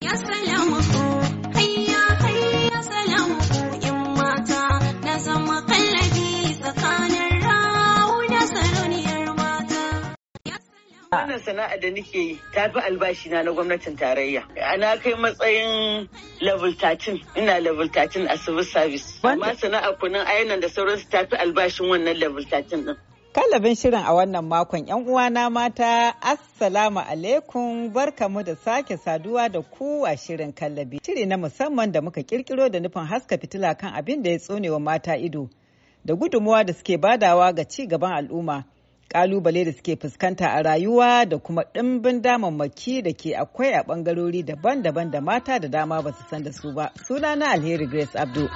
wannan sana'a da nake yi ta fi albashi na na gwamnatin tarayya. ana kai matsayin level 13, ina level 13 a civil service. Amma sana'a kunan ayanan da sauransu ta fi albashin wannan level 13 din. Kallabin shirin a wannan makon ‘yan uwana mata, Assalamu alaikum barkamu da sake saduwa da ku a shirin kallabi. Shiri na musamman da muka kirkiro da nufin haska fitila kan abin da ya tsonewa mata ido, da gudunmuwa da suke badawa ga ci gaban al'umma, kalubale da suke fuskanta a rayuwa da kuma ɗimbin damammaki da ke akwai a bangarori daban-daban da mata da dama ba su san da su ba. Sunana Alheri Grace Abdul.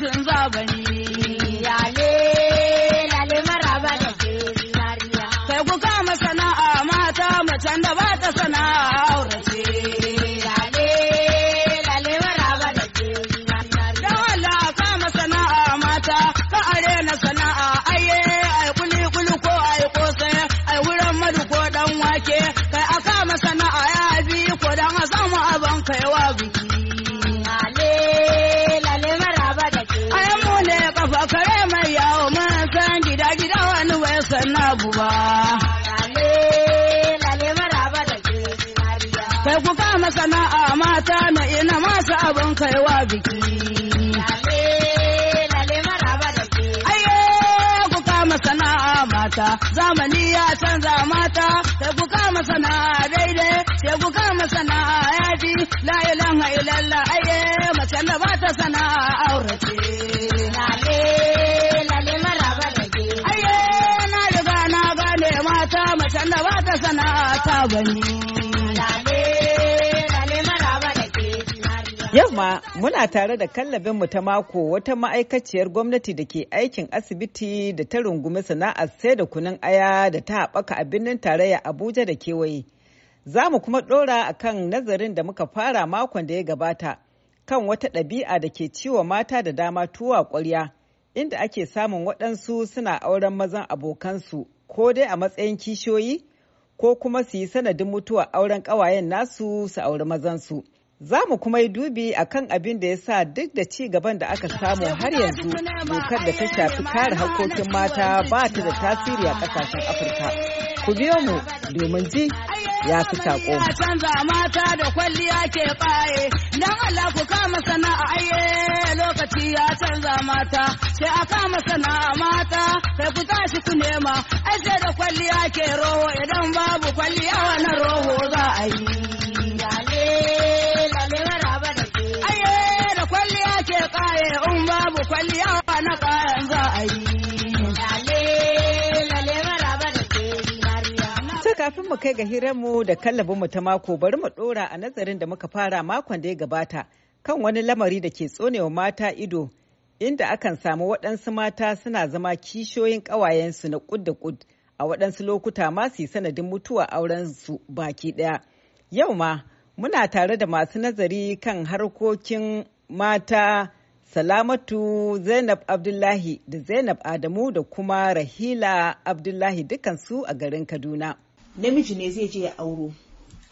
lokacin zabani. ku kama sana'a mata na ina masu abin kaiwa biki. sana'a mata zamani ya canza mata sai ku kama sana'a daidai sai ku kama sana'a yaji la ilaha illallah aye mace da ba ta sana'a aurace lale lale maraba da ke aye na riga na gane mata mace ba ta sana'a ta bani kuma muna tare da kallabinmu ta mako wata ma'aikaciyar gwamnati da ke aikin asibiti da ta rungumi sana'ar sai da kunun aya da ta haɓaka a birnin tarayya Abuja da kewaye. Za mu kuma ɗora a kan nazarin da muka fara makon da ya gabata kan wata ɗabi'a da ke ciwo mata da dama tuwa ƙwarya inda ake samun waɗansu suna auren mazan abokansu ko dai a matsayin kishiyoyi ko kuma su yi sanadin mutuwa auren ƙawayen nasu su auri mazansu. su. Za mu kuma yi dubi a kan abin da ya sa duk da ci gaban da aka samu har yanzu dokar da ta shafi kare harkokin mata ba ta da tasiri a kasashen Afirka. Ku biyo mu domin ji ya fi saƙo. canza mata da kwalliya ke baye, don Allah ku kama sana'a aye eh, lokaci ya canza mata, sai a kama sana'a mata, sai ku tashi ku nema, ai da kwalliya ke roho idan babu kwalliya wani roho za a yi. mu kai ga hirarmu da kallabinmu ta mako bari mu ɗora a nazarin da muka fara makon da ya gabata kan wani lamari da ke tsonewa mata ido inda akan samu waɗansu mata suna zama kishiyoyin ƙawayensu na ƙud da ƙud a waɗansu lokuta ma su sanadin mutuwa aurensu baki ɗaya. Yau ma muna tare da masu nazari kan harkokin mata Salamatu Zainab Abdullahi da Zainab Adamu da kuma Rahila Abdullahi dukansu a garin Kaduna. namiji ne zai je ya auro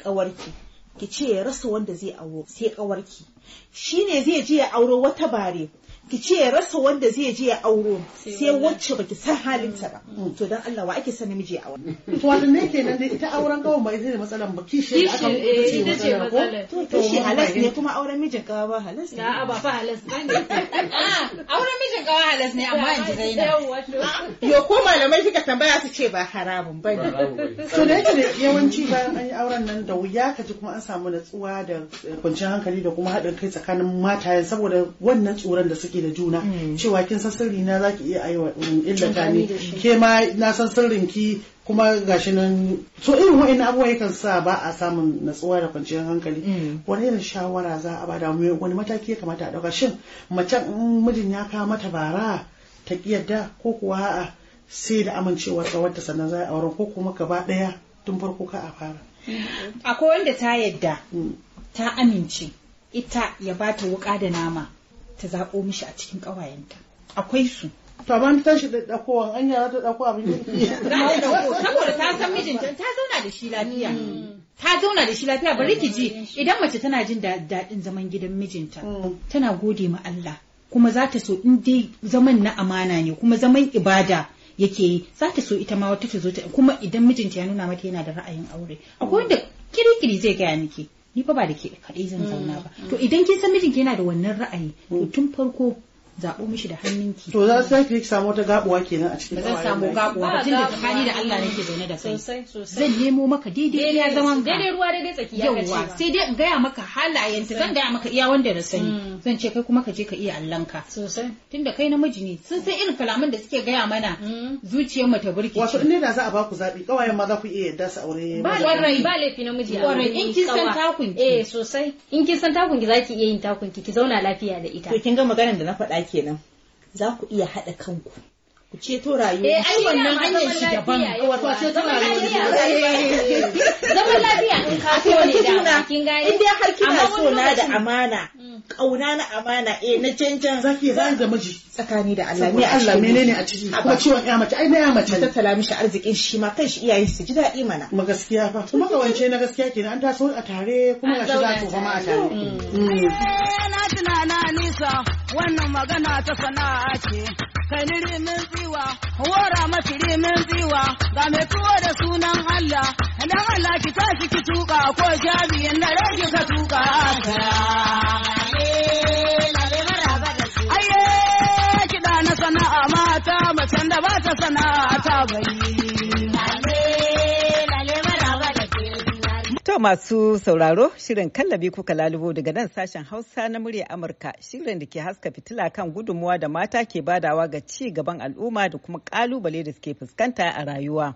ƙawarki ki ce ya rasa wanda zai auro sai ƙawarki shi ne zai je ya auro wata bare ki ce rasa wanda zai je ya auro sai wacce baki san halinta ba mm. Mm. to dan Allah wa ake san namiji a wani to wannan ne kenan dai ita auren gawo ba ita ne matsalan ba kishi aka eh, ce matsalan ko to shi halas ne kuma auren mijin gawa ba halas ne a'a ba fa halas A'a ah, auren mijin gawa halas ne amma in ji Zainab yo ko malamai kika tambaya su ce ba haramun ne to da yake yawanci bayan an yi auren nan da wuya ka ji kuma an samu natsuwa da eh, kwanciyar hankali da kuma haɗin kai tsakanin matayen saboda wannan tsoron da suke muke da juna mm. cewa kin san sirri na zaki iya aiwa illata ni ke ma na san sirrin ki kuma gashi nan so irin wa'in abubuwa yakan sa ba a samun natsuwa da kwanciyar hankali mm. wani irin shawara za a bada mu wani mataki ya kamata a dauka shin macen in mijin ya kawo mata bara ta kiyarda ko kuwa a'a sai da amincewar tsawarta sannan za a auren ko kuma gaba daya tun farko ka a fara akwai wanda ta yadda mm. ta amince ita ya bata wuka da nama ta zaɓo mishi a cikin ƙawayenta akwai su to amma ta tashi da dakowan anya za ta dako abin ta san mijinta ta zauna da shi lafiya mm. ta zauna da shi lafiya bari ki ji idan mace tana jin daɗin zaman gidan mijinta mm. tana gode ma Allah kuma za ta so in dai zaman na amana ne kuma zaman ibada yake yi za ta so ita ma wata ta zo ta kuma idan mijinta ya nuna mata yana da ra'ayin aure akwai wanda kirikiri zai gaya miki ni fa ba da ke kaɗai zan zauna ba mm. to idan kin san mijinki yana da wannan ra'ayi to mm. tun farko zaɓo mishi da hannunki. To za su ki samu wata gabuwa kenan a cikin Ba zan samu gabuwa ba tun tunda tsakani da Allah nake zaune da kai. Sosai sosai. Zan nemo maka daidai ya zaman ka. Daidai ruwa daidai tsaki ya gace. Yawwa sai dai gaya maka halayen ta zan gaya maka iya wanda na sani. Mm. Zan ce kai kuma ka je ka iya Allahnka. Sosai. Tun da kai namiji ne sun san irin kalaman da suke gaya mana mm. zuciyar mata burki. burkice. Wato in da za a ba ku zaɓi kawayen ma za ku iya yadda su aure. Ba laifi ba laifi namiji. Kwarai in kin san takunki. Eh sosai. In kin san takunki za ki iya yin takunki ki ki zauna lafiya da ita. To kin ga maganar da na faɗa kenan za ku iya haɗa kanku ku ceto rayuwa eh ai wannan hanyar shi daban wato ceto rayuwa eh, eh, eh. zaman lafiya in ka so ne da kin gane in dai har kina so na da amana kauna mm. na amana eh na cancan zaki zan ga miji tsakani da Allah ne Allah menene a ciki kuma ciwon ya mace ai na ya mace tala mishi arzikin shi ma kan shi iyayen su ji daɗi mana ma gaskiya fa kuma ka wance na gaskiya kenan an taso a tare kuma ga shi za ku zama a tare mm. Mm. na tunana nisa wannan magana ta sana'a ce kai ni rimin tsiwa wara mafi rimin tsiwa ga mai tuwo da sunan Allah idan Allah ki tashi ki tuka ko jabi na rage ka tuka Aye kiɗa na sana'a mata macen da ba ta sana'a ta bayi. masu sauraro shirin kallabi kuka lalubo daga nan sashen Hausa na murya Amurka shirin da ke haska fitila kan gudunmuwa da mata ke badawa ga ci gaban al'umma da kuma kalubale da suke fuskanta a rayuwa.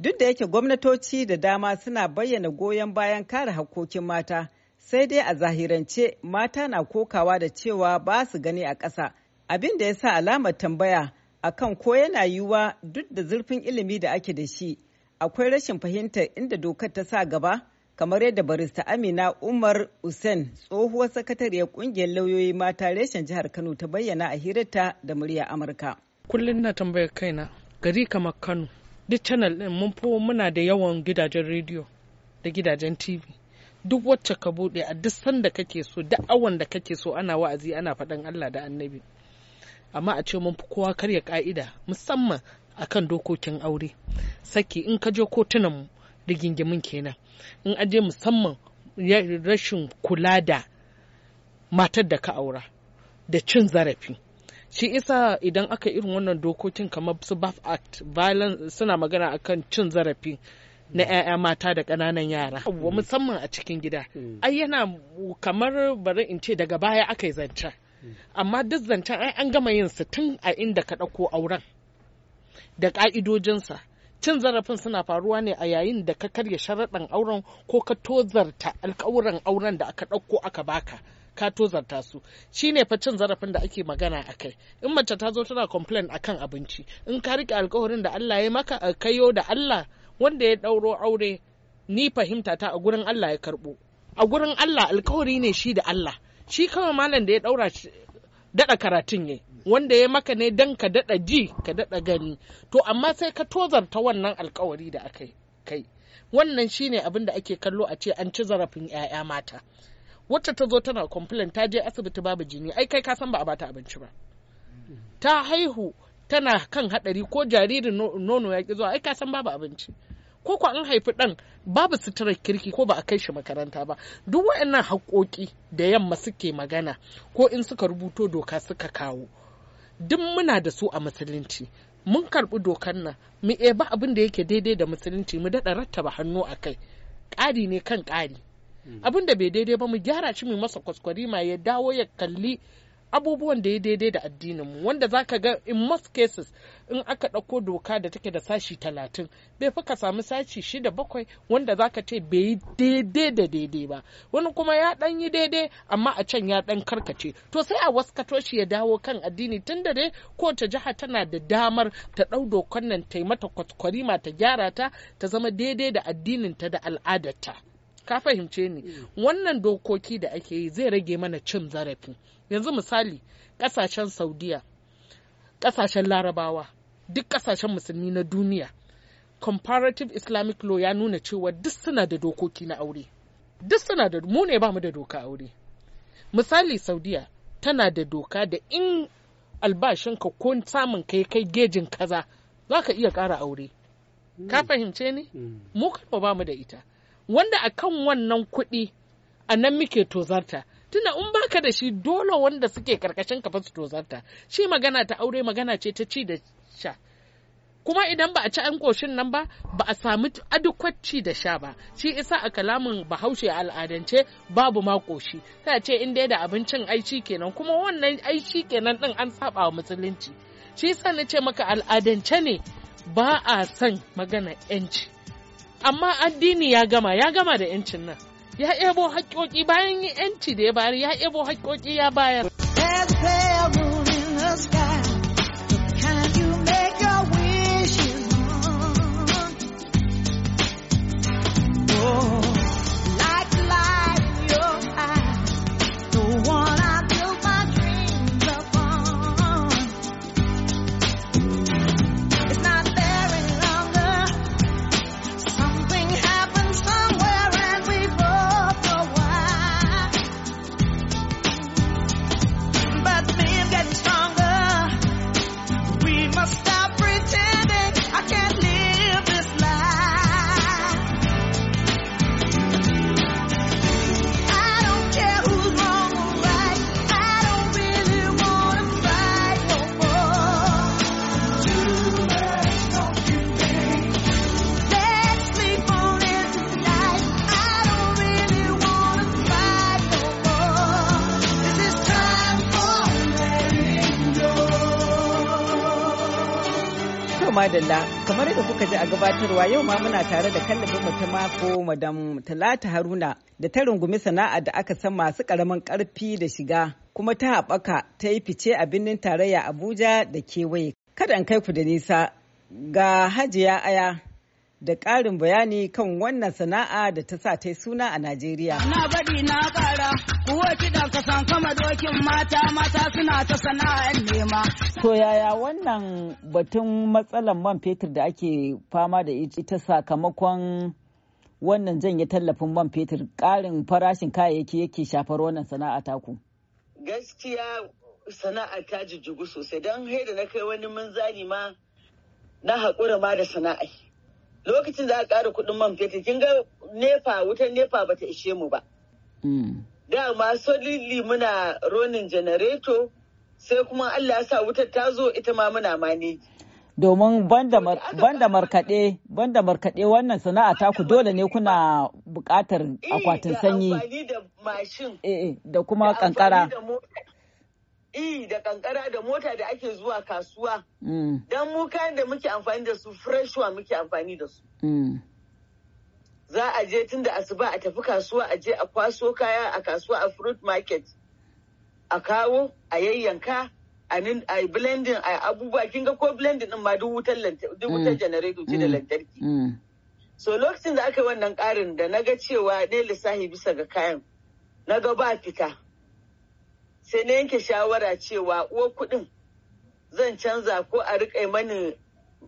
Duk da yake gwamnatoci da dama suna bayyana goyon bayan kare hakokin mata, sai dai a zahirance mata na kokawa da cewa ba su gani a ƙasa, abin da ya sa alamar tambaya akan ko yana yiwuwa duk da zurfin ilimi da ake da shi, akwai rashin fahimtar inda dokar ta sa gaba. kamar yadda barista amina umar usain tsohuwar sakatariyar kungiyar lauyoyi mata reshen jihar kano ta bayyana a hirarta da murya amurka kullum na tambayar kaina gari kamar kano duk channel din mun fi muna da yawan gidajen rediyo da gidajen tv duk wacce ka bude a duk sanda kake so duk awan da kake so ana wa'azi ana faɗan allah da annabi amma a ce mun fi kowa karya ka'ida musamman akan dokokin aure saki in ka je kotunan rigingimin kenan in an je musamman rashin kula da matar da ka aura da cin zarafi shi isa idan aka irin wannan dokokin kamar su BAF Act violence suna magana akan cin zarafi na 'ya'ya mata da ƙananan yara mm. musamman a cikin gida mm. ai yana kamar bari in ce daga baya aka yi zancen mm. amma duk zancen an gama yin su tun a inda ka ɗauko auren da ƙa'idojinsa cin zarafin suna faruwa ne a yayin da ka karya sharaɗin auren ko ka tozarta alkawuran auren da aka ɗauko aka baka ka tozarta su Shi ne fa cin zarafin da ake magana a kai in mace ta zo tana complain kan abinci in ka rike alkawarin da Allah ya maka a eh, kayo da Allah wanda ya ɗauro aure ni fahimta ta a gurin Allah ya karɓo a gurin Allah alkawari ne shi da Allah shi kawai malam da ya ɗaura daɗa karatun ya wanda ya maka ne don ka daɗa ji ka daɗa gani to amma sai ka tozarta wannan alkawari da aka kai wannan shine abin da ake kallo a ce an ci zarafin 'ya'ya mata wacce ta zo tana complain ta je asibiti babu jini ai kai ka san ba a bata abinci ba ta haihu tana kan hadari ko jaririn nono ya ki zuwa ai ka san babu abinci ko ko an haifi ɗan babu suturar kirki ko ba a kai shi makaranta ba duk waɗannan haƙoƙi da yamma suke magana ko in suka rubuto doka suka kawo duk muna da su a musulunci mun karɓi dokar nan mu eba abin da yake daidai da musulunci mu daɗa rattaba hannu a kai ƙari ne kan ƙari hmm. abin da bai daidai ba mu gyara shi mu masa kwaskwari ma ya dawo ya kalli abubuwan da ya daidai da addinin mu wanda za ka ga in most cases in aka ɗauko doka da take da sashi talatin bai fi ka samu sashi shida bakwai wanda za ka ce bai yi daidai da daidai ba wani kuma ya ɗan yi daidai amma a can ya ɗan karkace to sai a waskato shi ya dawo kan addini tun da dai ta jiha tana da damar ta ɗau dokan nan ta yi mata kwaskwarima ta gyara ta ta zama daidai da addinin ta da al'adarta ka fahimce ni mm. wannan dokoki da ake yi zai rage mana cin zarafi yanzu misali ƙasashen saudiya ƙasashen larabawa duk ƙasashen musulmi na duniya comparative islamic law ya nuna cewa duk suna da dokoki na aure duk suna da mu ne bamu da doka aure misali saudiya tana da doka da in albashinka ko samun kai kai gejin kaza za ka iya ƙara aure ka hmm. fahimce ni hmm. mu kuma bamu da ita wanda akan wannan kuɗi a nan muke tozarta tuna in baka da shi dole wanda suke karkashin ka su tozarta shi magana ta aure magana ce ta ci da sha kuma idan ba a ci an koshin nan ba ba a samu adukwacci da sha ba shi isa a kalamin bahaushe a al'adance babu ma koshi ta ce in dai da abincin aici kenan kuma wannan aici kenan din an saba wa musulunci shi yasa na ce maka al'adance ne ba a son magana yanci amma addini ya gama ya gama da yancin nan ya ebo haƙƙoƙi bayan yanci da ya bayar ya ebo haƙƙoƙi ya bayar. adalla kamar yadda kuka ji a gabatarwa yau ma muna tare da kallabin mu ta mako madam talata haruna da ta rungumi sana'a da aka san masu karamin karfi da shiga kuma ta haɓaka ta yi fice a birnin tarayya abuja da kewaye kada an kai ku da nisa ga hajiya aya da ƙarin bayani kan wannan sana'a da ta sa ta yi suna a Najeriya. Na bari na ƙara kuwa kiɗan kasan kama dokin mata mata suna ta sana'ar nema. To yaya wannan batun matsalar man fetur da ake fama da ita sakamakon wannan janye tallafin man fetur ƙarin farashin kayayyaki yake shafar wannan sana'a taku? Gaskiya sana'a ta jijjigu sosai don da na kai wani munzani ma na haƙura ma da sana'a. lokacin za a ƙara kuɗin man fetur kin ga nepa wutar nepa ta ishe mu ba hmm. dama solili muna ronin janareto sai kuma Allah sa wutar ta zo ita ma muna mani. domin banda markaɗe banda markaɗe wannan sana'a ta ku dole ne kuna buƙatar eh, akwatin sanyi eh, eh, da kuma kankara i e, da kankara da mota da ake zuwa kasuwa mm. don mu kayan da muke amfani da su freshwa muke amfani da su mm. za a je tun da asuba a tafi kasuwa a je a kwaso kaya a kasuwa a fruit market a kawo a yayyanka a blending a abubuwa kin ko blending din ma duk wutar duk mm. da lantarki so lokacin da aka yi wannan karin da na ga cewa ne lissahi bisa ga kayan na ga ba fita sai na yanke shawara cewa uwa kuɗin zan canza ko a riƙa mani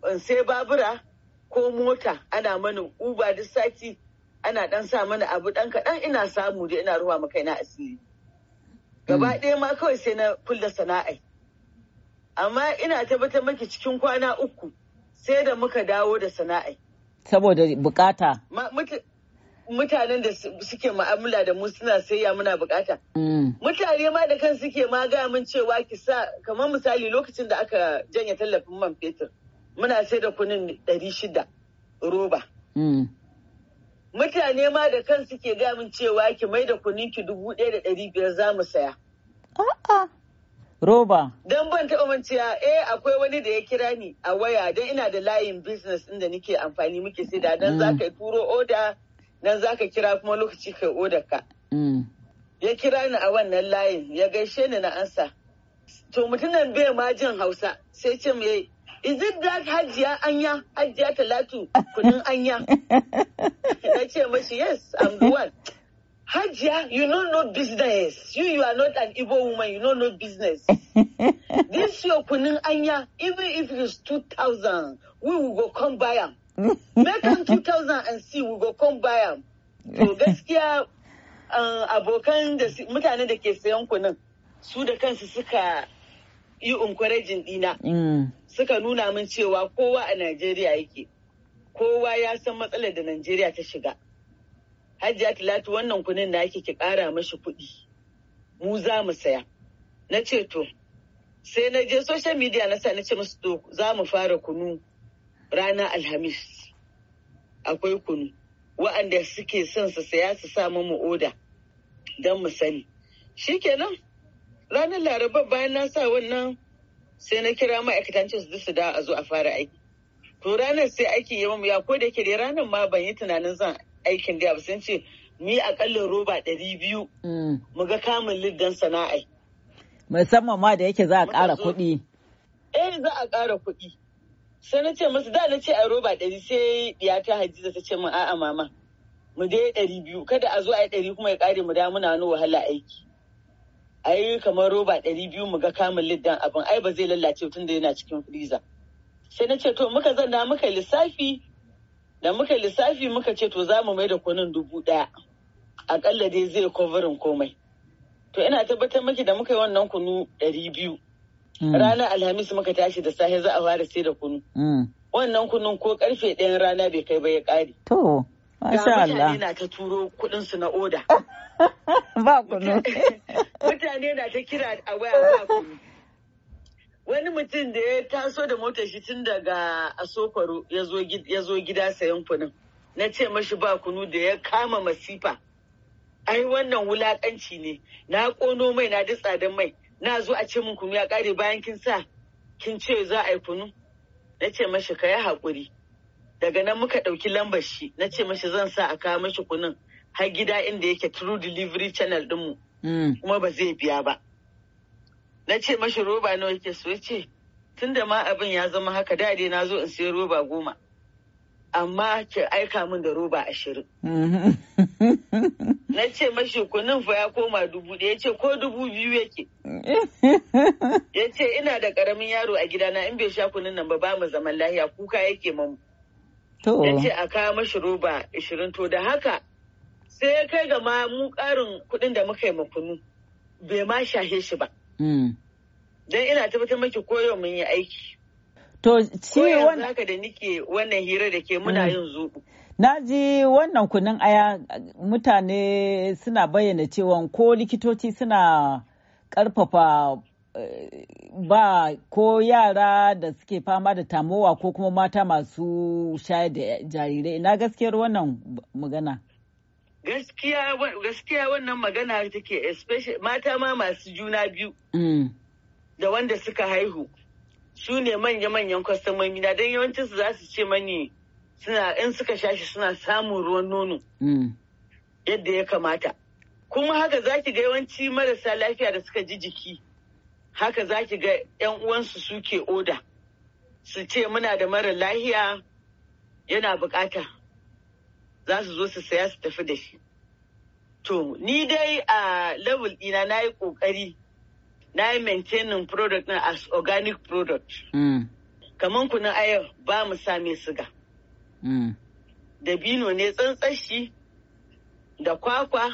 eh, sai babura ko mota ana mani uba duk sati ana dan sa mana abu dan kaɗan ina samu da ina ruwa maka na asiri gaba mm. ɗaya ma kawai sai na kulla sana'a amma ina tabbatar maki cikin kwana uku sai da muka dawo da sana'a. saboda bukata mutanen da suke ma'amala da mu suna sayya muna bukata. Mm. Mutane ma da kan suke ma gaya min cewa ki sa kamar misali lokacin da aka janye tallafin man fetur muna sai da kunin ɗari shida roba. Mm. Mutane ma da kan suke gaya min cewa ki mai da kunin ki dubu ɗaya da ɗari biyar za mu saya. A'a. Roba. Don ban taɓa manciya, eh akwai wani da ya kira ni a waya don ina da layin business ɗin da nike amfani muke sai da don za mm. ka turo oda dan za ka kira kuma lokaci kai odar ka. Mm. Ya kira ni a wannan layin ya gaishe ni na ansa. To mutumin bai ma jin Hausa sai ce mu yayi Is it that Hajiya Anya, Hajiya Talatu, kunun Anya? Na ce mashi, yes, I'm the one. Hajiya, you no know business. You, you are not an Igbo woman, you no know business. this your kunun Anya, even if it two 2,000, we will go come buy am. Make and see we go come buy am. To gaskiya uh, abokan da mutane da ke sayan kunan su da kansu suka yi encouraging dina. Mm. Suka nuna min cewa kowa a Najeriya yake. Kowa ya san matsalar da Najeriya ta shiga. Hajiya tilatu wannan kunin da ake ki kara mashi kuɗi. Mu za mu saya. Na ce to, sai na je social media na sa na ce musu to za mu fara kunu ranar alhamis akwai kunu wa'anda suke son su saya su samu mu oda don mu sani shikenan ranar laraba bayan na sa wannan sai na kira ma'aikatan su su da a zo a fara aiki to ranar sai aiki ya mamu ya ko da ranar ma ban yi tunanin zan aikin da ba sun ce ni akalla roba ɗari biyu mm. mu ga kamun liddan sana'a. musamman ma da yake za a ƙara kuɗi eh za a ƙara kuɗi sai na ce masu da na ce a roba ɗari sai ya ta hadiza ta ce min a'a mama mu je ɗari biyu kada a zo a yi ɗari kuma ya ƙare mu da muna wani wahala aiki a yi kamar roba ɗari biyu mu ga kamun liddan abin ai ba zai lallace tun da yana cikin freezer sai na ce to muka zanna muka lissafi da muka lissafi muka ce to za mu mai da kunun dubu ɗaya akalla dai zai kovarin komai to ina tabbatar miki da muka yi wannan kunu ɗari biyu Mm. ranar alhamis muka tashi da safe za a fara sai da kunu mm. wannan kunun ko karfe ɗayan rana bai kai ba ya ƙare to masha Allah mutane na ta turo kuɗinsu na oda ba kunu mutane na ta kira a waya ba kunu wani mutum da ya taso da mota shi tun daga Asokaro ya zo gida sayan kunun na ce mashi ba kunu da ya kama masifa ai wannan wulakanci ne na ƙono mai na ji tsadan mai na zo a ce min kunu ya ƙare bayan kin sa kin ce za a yi kunu na ce mashi ka yi haƙuri daga nan muka ɗauki lambar shi na ce mashi zan sa a kawo mashi kunun har gida inda yake true delivery channel ɗinmu mm. kuma ba zai biya ba na ce mashi roba nawa yake so ya ce tun ma abin ya zama haka da dai na zo in sayi roba goma amma ki aika min da roba ashirin. Mm-hmm. Na ce mashi kunin fa ya koma dubu ɗaya ce ko dubu biyu yake. Ya ce ina da ƙaramin yaro a gidana in bai sha kunin nan ba ba mu zaman lahiya kuka yake mamu. Ya ce a kawo mashi roba ashirin to da haka sai ya kai ga ma mu ƙarin kuɗin da muka yi ma kunu bai ma shahe shi ba. Mm. Dan ina tabbatar maki koyo mun yi aiki. To ciwon haka da nike wannan hira da ke muna mm. yin zubu. Na ji wannan kunun aya mutane suna bayyana cewa ko likitoci suna karfafa eh, ba ko yara da suke fama da tamowa ko kuma mata masu shayar da jarirai na gaskiyar wannan magana. Gaskiya wannan magana take mata ma masu juna biyu mm. da wanda suka haihu. su ne manya-manyan kwastomomi na don yawancinsu za su ce mani suna in suka sha shashi suna samun ruwan nono mm. yadda ya kamata kuma haka za ki ga yawanci marasa lafiya da suka ji jiki haka za ki ga 'yan uwansu suke oda su ce muna da mara lahiya yana bukata za su zo su saya su tafi da shi to ni dai a level ɗina na yi ƙoƙari na yi maintaining product na as organic product. Mm. Kaman na ayar ba mu siga. Mm. Dabino ne tsantsashi da kwakwa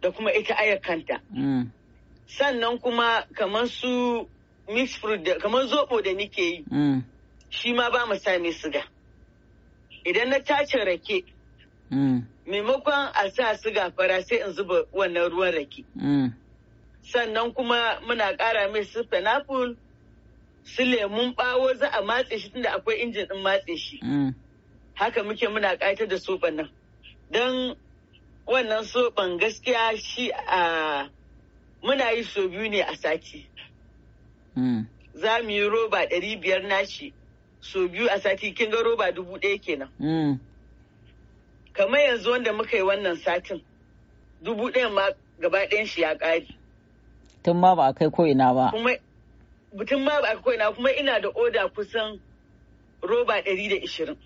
da kuma ita ayar kanta. Mm. Sannan kuma kamar su mix fruit da kamar zobo da nike yi. Shi ma ba mu siga. Idan na tace rake. Maimakon a sa siga fara sai in zuba wannan ruwan rake. sannan kuma muna ƙara mai su pineapple su lemun bawo za a matse shi tunda akwai injin din matse shi mm. haka muke muna ƙayatar da soɓan nan don wannan soɓan gaskiya shi a muna yi so biyu ne a sati mm. za mu yi roba ɗari biyar nashi so biyu a sati kin ga roba dubu ɗaya kenan mm. kamar yanzu wanda muka yi wannan satin dubu ɗaya ma gaba ɗayan shi ya ƙari tun ma ba a kai ko ba tun ma ba a kai ko'ina kuma ina da oda kusan roba ɗari da ishirin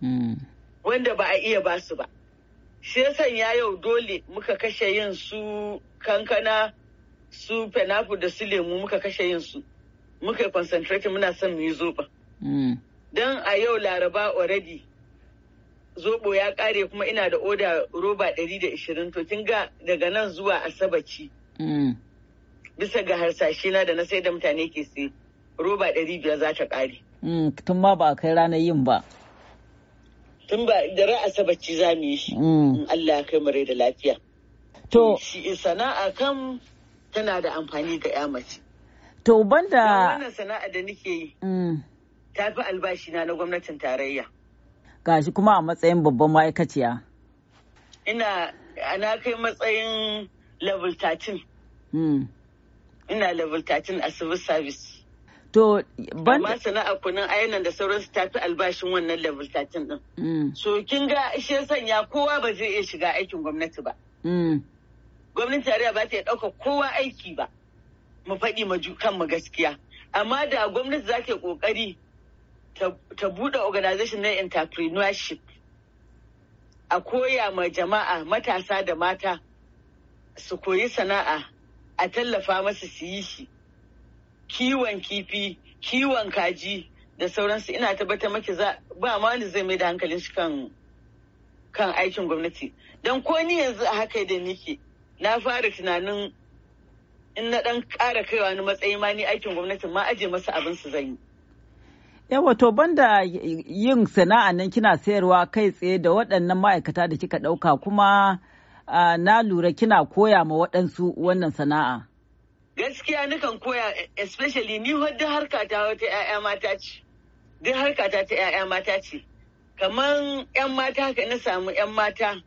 hmm. wanda ba a iya ba su ba shi sanya yau dole muka kashe yin su kankana su fenafu da su lemu muka kashe yin su muka concentrate muna son mu yi zoba hmm. don a yau laraba already zobo ya kare kuma ina da oda roba da ishirin to kin ga daga nan zuwa asabaci Mm. Bisa ga harsashina na da na sai da mutane ke sai roba ɗari biyar za ta ƙare. Mm, tun ma ba a kai ranar yin ba. Tun ba da ra'asa bacci za mu yi shi. Mm. Allah ya kai mu da lafiya. To. sana'a kan tana da amfani ga ya mace. To banda. Wannan sana'a da nake yi. Ta fi albashi na na gwamnatin tarayya. Gashi kuma a matsayin babban ma'aikaciya. Ina ana kai matsayin level 13 hmm. ina level 13 a civil service to ban amma sana'a kunan ayanan da sauransu ta fi albashin wannan level 13 din hmm. so kin ga shi sanya kowa ba zai iya shiga aikin gwamnati ba hmm. Gwamnati tarayya ba ta iya ɗauka kowa aiki ba mu faɗi mu kanmu gaskiya amma da gwamnati za ta ƙoƙari ta buɗe organization na entrepreneurship a koya ma jama'a matasa da mata su koyi sana'a a tallafa masu su yi shi kiwon kifi kiwon kaji da sauransu ina tabbatar maki ba ma wanda zai mai da hankalin shi kan aikin gwamnati don ko ni yanzu a haka da nike na fara tunanin in na dan kara kaiwa ni matsayi ma ni aikin gwamnati, ma aje masa abin su zan yi yawa to banda yin sana'a nan kina sayarwa kai tsaye da waɗannan ma'aikata da kika ɗauka kuma uh, na lura kina koya ma waɗansu wannan sana'a. Gaskiya nukan koya especially ni wadda harka ta wata 'ya'ya mata ce. Duk harka ta 'ya'ya mata ce. Kaman 'yan mata haka na samu 'yan mata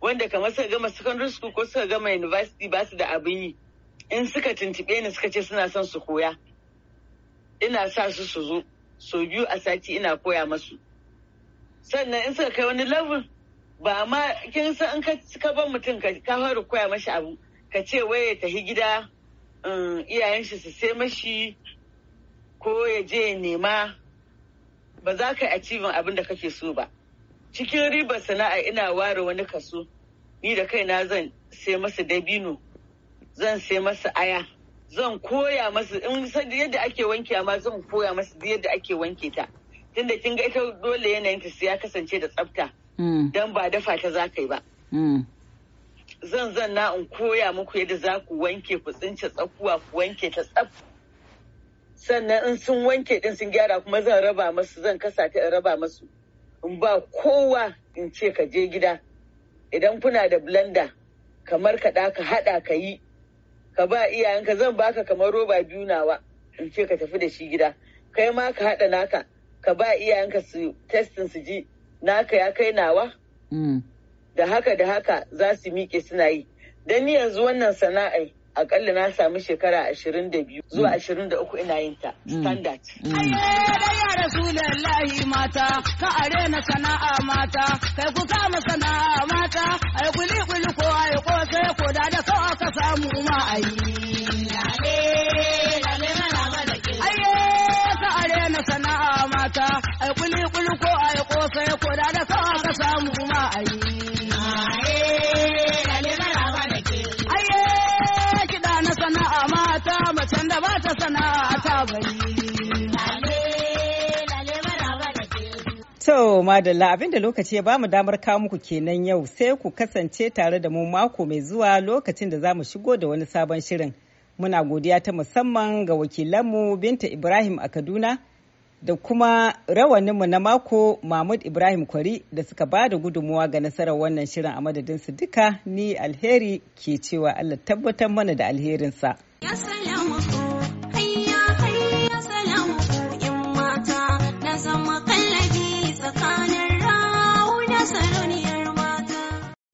wanda kamar suka gama secondary school ko suka gama university ba su da abin yi. In suka tuntuɓe ni suka ce suna son su koya. Ina sa su su zo. So biyu a sati ina koya masu. Sannan in suka kai wani level ba ma kin san an ka bar mutum ka fara koya mashi abu ka ce wai ya tafi gida um, iyayen shi su sai mashi ko ya je ya nema ba za ka achieving abin da kake so ba cikin ribar sana'a ina ware wani kaso ni da kaina zan sai masa dabino zan sai masa aya zan koya masa in san yadda ake wanke amma zan koya masa yadda ake wanke ta tunda kin ga ita dole yanayin ta ya kasance da tsafta Hmm. don ba dafa ta za ka yi ba. Hmm. Zan zan na in koya muku yadda za ku wanke ku tsince tsakuwa ku wanke ta tsaf. Sannan in sun wanke din sun gyara kuma zan raba masu zan kasa ta in raba masu. In ba kowa in ce ka je gida. Idan kuna da blender kamar ka ka haɗa ka yi. Ka ba iyayenka zan baka kamar roba biyu nawa in ce ka tafi da shi gida. Kai ma ka haɗa naka ka ba iyayenka su testin su ji naka ya kai nawa mm. da haka da haka za su miƙe suna yi don ni yanzu wannan sana'ai akalla na samu shekara ashirin da biyu zuwa mm. ashirin da uku ina yin ta mm. standard. ka sana'a mata kai ku mata ai ne ko da da ka samu kuma a yi. kiɗa na sana'a mata macen da ba ta sana'a ta bari. To, madalla abinda lokaci ya bamu damar kawo muku kenan yau sai ku kasance tare da mu mako mai zuwa lokacin da za mu shigo da wani sabon shirin. Muna godiya ta musamman ga wakilanmu Binta Ibrahim a Kaduna. da kuma rawaninmu na mako Mahmud Ibrahim Kwari da suka ba da gudunmuwa ga nasarar wannan shirin a madadinsu duka ni alheri ke cewa Allah tabbatar mana da alherinsa.